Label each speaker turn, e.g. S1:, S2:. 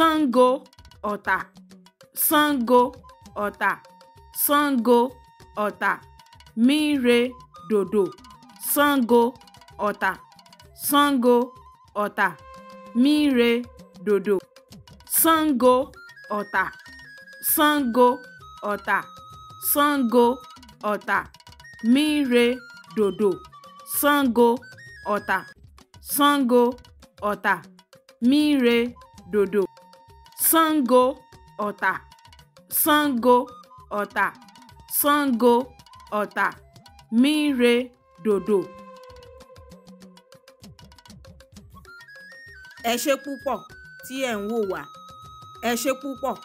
S1: Sango Ọ̀tà Ṣàngó Ọ̀tà Ṣàngó Ọ̀tà Mire dòdò Ṣàngó Ọ̀tà Ṣàngó Ọ̀tà Mire dòdò Sango Ọ̀tà Sango Ọ̀tà Ṣàngó Ọ̀tà Mire dòdò Ṣàngó Ọ̀tà Ṣàngó Ọ̀tà Mire dodo. Sango Ọ̀tà Sango Ọ̀tà Sango Ọ̀tà Mire dodo, dòdò.
S2: ẹ ṣé púpọ̀ tí ẹ̀ ń wò wá ẹ ṣé púpọ̀